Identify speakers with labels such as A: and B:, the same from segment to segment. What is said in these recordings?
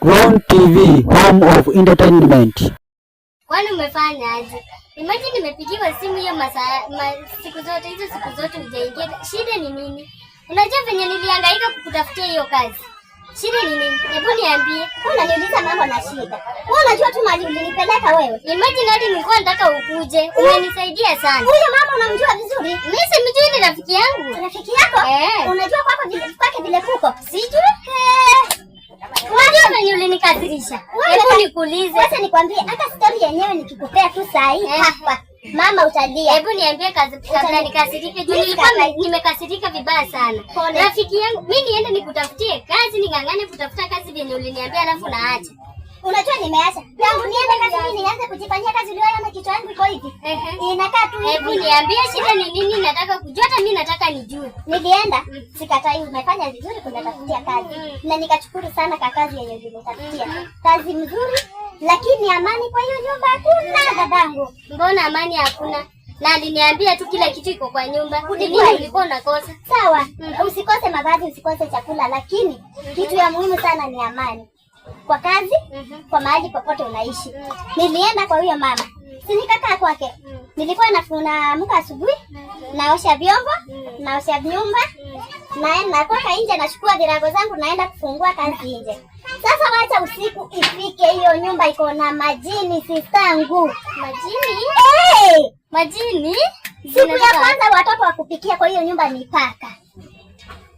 A: Crown TV, home of entertainment. Kwani umefanya aje? Imagine nimepigiwa simu hiyo masaa ma, siku zote hizo siku zote hujaingia. Shida ni nini? Unajua venye nilihangaika kukutafutia hiyo kazi. Shida ni nini? Hebu niambie.
B: Wewe unaniuliza mambo na shida. Wewe unajua tu mali ulinipeleka wewe.
A: Imagine hadi nilikuwa nataka ukuje. Umenisaidia sana.
B: Huyo mama unamjua vizuri?
A: Mimi simjui ni rafiki yangu.
B: Rafiki yako? Eh. Unajua kwako vile kwake vile kuko?
A: Sijui umenikasirisha. Hebu nikuulize.
B: Sasa nikwambie hata story yenyewe nikikupea tu saa hii eh. hapa. Mama utalia.
A: Hebu niambie kazi kabla nikasirike. Juu nilikuwa nimekasirika vibaya sana. Rafiki yangu, mimi niende nikutafutie kazi ning'ang'ane kutafuta kazi vyenye uliniambia alafu naacha.
B: Unajua nimeacha. Tangu niende kazi mimi nianze kujifanyia kazi leo ama kichwa yangu iko hivi. Inakaa tu hivi.
A: Hebu niambie shida ni nini nataka kujua hata mimi nataka nijue.
B: Nilienda sikatai umefanya vizuri kunitafutia kazi. Mm-hmm. Na nikachukuru sana kwa kazi yenye ulinitafutia. Mm-hmm. Kazi mzuri lakini amani kwa hiyo nyumba hakuna dadangu.
A: Mbona amani hakuna? Na aliniambia tu kila kitu iko kwa nyumba. Nini ulikuwa unakosa?
B: Sawa. Mm-hmm. Usikose mavazi, usikose chakula lakini kitu ya muhimu sana ni amani kwa kazi mhm. kwa maji popote unaishi nilienda kwa huyo mama mm si nikakaa kwake mhm. nilikuwa nafuna mka asubuhi mhm. naosha vyombo naosha nyumba mm na nakoka nje nachukua virago zangu naenda kufungua kazi nje sasa wacha usiku ifike, hiyo nyumba iko na majini sistangu.
A: Majini?
B: Hey!
A: Majini?
B: Siku ya kwanza watoto wakupikia kwa hiyo nyumba ni paka.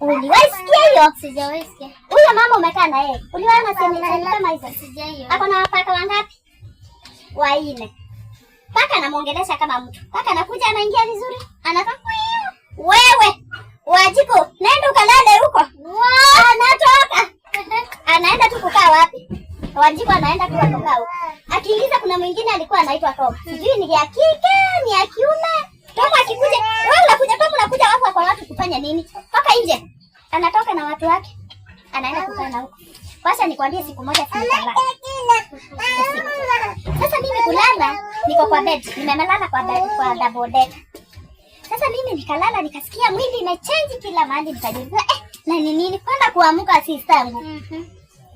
B: Uliwasikia hiyo?
A: Sijawasikia.
B: Huyo mama umekaa na yeye. Uliwaona sehemu kama hizo? Sijaiyo. Ako na paka wangapi? Waine. Paka anamuongelesha kama mtu. Paka anakuja anaingia vizuri. Anatoka wewe. Wajiko, nenda ukalale huko. Anatoka. Anaenda tu kukaa wapi? Wajiko anaenda tu kukaa huko. Akiingiza kuna mwingine alikuwa anaitwa Toma. Sijui ni ya kike, ni ya kiume. Toma akikuja alifanya nini? Toka nje. Anatoka na watu wake. Anaenda kukaa na huko. Wacha nikwambie siku moja sitakaa. Sasa mimi kulala niko kwa bed. Nimelala kwa bed kwa double bed. Sasa mimi nikalala nikasikia mwili imechange kila mahali nikajiuliza eh, na ni nini? Kwenda kuamka si yangu. Mhm.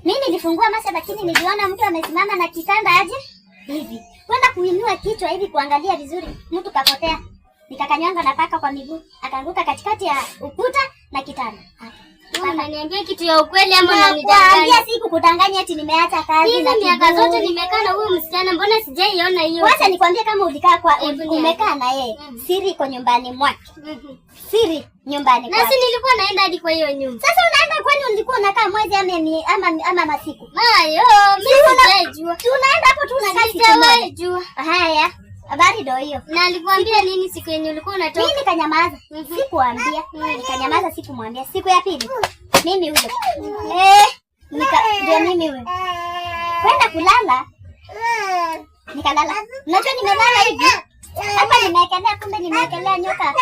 B: Mimi nilifungua macho lakini niliona mtu amesimama na kitanda aje hivi. Kwenda kuinua kichwa hivi kuangalia vizuri, mtu kapotea nikakanyanga na paka kwa miguu, akaanguka katikati ya ukuta na kitanda.
A: Unaniambia kitu ya ukweli ama
B: unanidanganya? Siku kudanganya eti nimeacha kazi.
A: Hizi miaka zote nimekaa na huyu msichana, mbona sijaiona hiyo?
B: Kwanza nikwambie, kama ulikaa kwa umekaa na yeye mm-hmm. siri kwa nyumbani mwake, mm-hmm. siri nyumbani
A: kwake, na si nilikuwa naenda hadi kwa hiyo nyumba.
B: Sasa unaenda, kwani ulikuwa unakaa mwezi ama ama ama masiku?
A: Hayo mimi sijajua, tunaenda hapo tu na
B: Sijajua haya Habari ndio hiyo.
A: Na alikuambia nini siku yenye ulikuwa unatoka?
B: Mimi nikanyamaza. Mm -hmm. Sikuambia. Mhm. Nikanyamaza sikumwambia. Siku ya pili. Mhm. Mimi huyo. Mhm. Eh, nika ndio mimi wewe. Kwenda kulala. Nikalala. Unajua nimelala hivi. Hapa nimekelea kumbe nimekelea nyoka.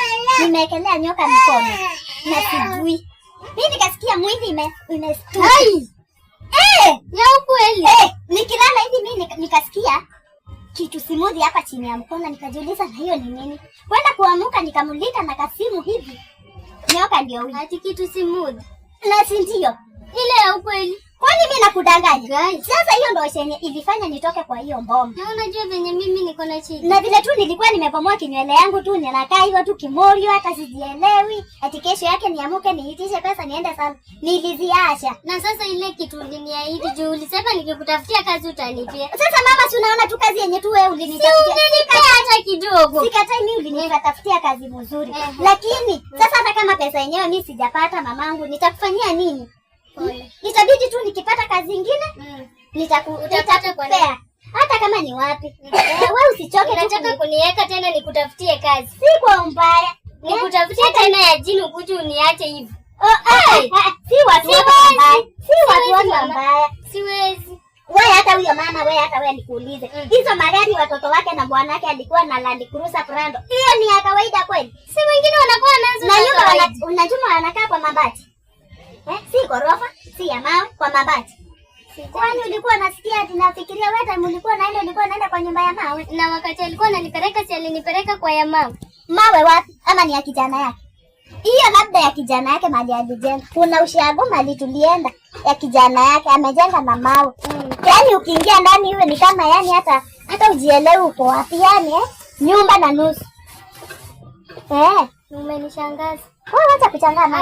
B: Nimekelea nyoka mkono. Na sijui. Mimi nikasikia mwili ime imestuka. Eh,
A: ya ukweli.
B: Eh, nikilala hivi mimi nikasikia kitu simozi hapa chini ya mkono, nikajiuliza na hiyo ni nini? Kwenda kuamuka nikamulika na kasimu hivi, nyoka ndio huyu.
A: Ati kitu simozi?
B: Na si ndio
A: ile ya ukweli
B: Kwani mimi nakudanganya? Sasa hiyo ndio yenye ilifanya nitoke kwa hiyo mboma.
A: Na unajua venye mimi niko na chini.
B: Na vile tu nilikuwa nimebomoa kinywele yangu tu ninakaa hivyo tu kimorio hata sijielewi. Ati kesho yake niamuke niitishe pesa niende sana. Niliziacha.
A: Na sasa ile kitu uliniahidi juu ulisema nikikutafutia kazi utanipia.
B: Sasa mama, si unaona tu kazi yenye tu wewe ulinitafutia.
A: Si umenipea hata kidogo.
B: Sikatai mimi ulinitafutia kazi nzuri. Lakini sasa hata kama pesa yenyewe mimi sijapata mamangu nitakufanyia nini? nikipata kazi ingine mm. nitakupea hata kama ni wapi. Eh, wewe usichoke,
A: nataka kuniweka tena nikutafutie kazi,
B: si kwa umbaya,
A: nikutafutie yeah. tena ya jini ukuje uniache hivyo.
B: Oh, oh, si watu wabaya,
A: siwezi
B: wewe hata huyo mama wewe, hata wewe nikuulize, mm. hizo magari watoto wake na bwanake alikuwa na Land Cruiser Prado, hiyo ni ya kawaida kweli?
A: Si wengine wanakuwa nazo
B: na yule, unajua anakaa kwa mabati eh? si ghorofa, si ya mawe, kwa mabati.
A: Kwani ulikuwa nasikia ati nafikiria wewe time ulikuwa naenda ulikuwa naenda kwa nyumba ya mawe? Na wakati alikuwa ananipeleka si alinipeleka kwa ya mawe.
B: Mawe wapi? Ama ni ya kijana yake? Hiyo labda ya kijana yake mali alijenga. Kuna ushago mali tulienda ya kijana yake amejenga na mawe. Mm. Yaani ukiingia ndani iwe ni kama yani hata hata ujielewe uko wapi yani eh? Nyumba na nusu. Eh,
A: umenishangaza.
B: Acha kuchanganya.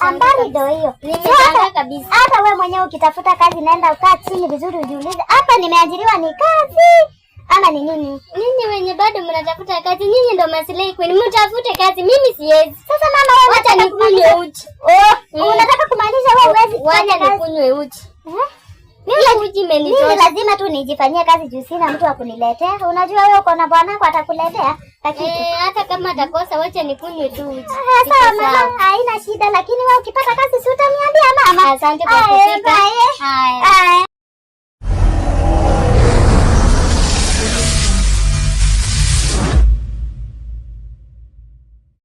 B: Ambali ndio hiyo.
A: Nimechanga kabisa.
B: Hata wewe mwenyewe ukitafuta kazi, naenda ukaa chini vizuri, ujiulize hapa nimeajiriwa ni kazi ama ni nini?
A: Nyinyi wenye bado mnatafuta kazi, nyinyi ndio maslahi kwenu, mtafute kazi, mimi siwezi.
B: Sasa mama, wewe
A: acha nikunywe uchi.
B: Oh, mm. Unataka kumaanisha wewe huwezi
A: kufanya kazi? Nikunywe uchi. Eh? Mimi uchi imenitosha.
B: lazima tu nijifanyie kazi juu sina mtu wa kuniletea. Unajua wewe uko na bwanako atakuletea.
A: Eh, hata kama atakosa wacha nikunywe tu uji.
B: Eh, sawa mama, haina shida lakini wewe ukipata kazi si utaniambia mama?
A: Asante kwa kufika.
B: Haya.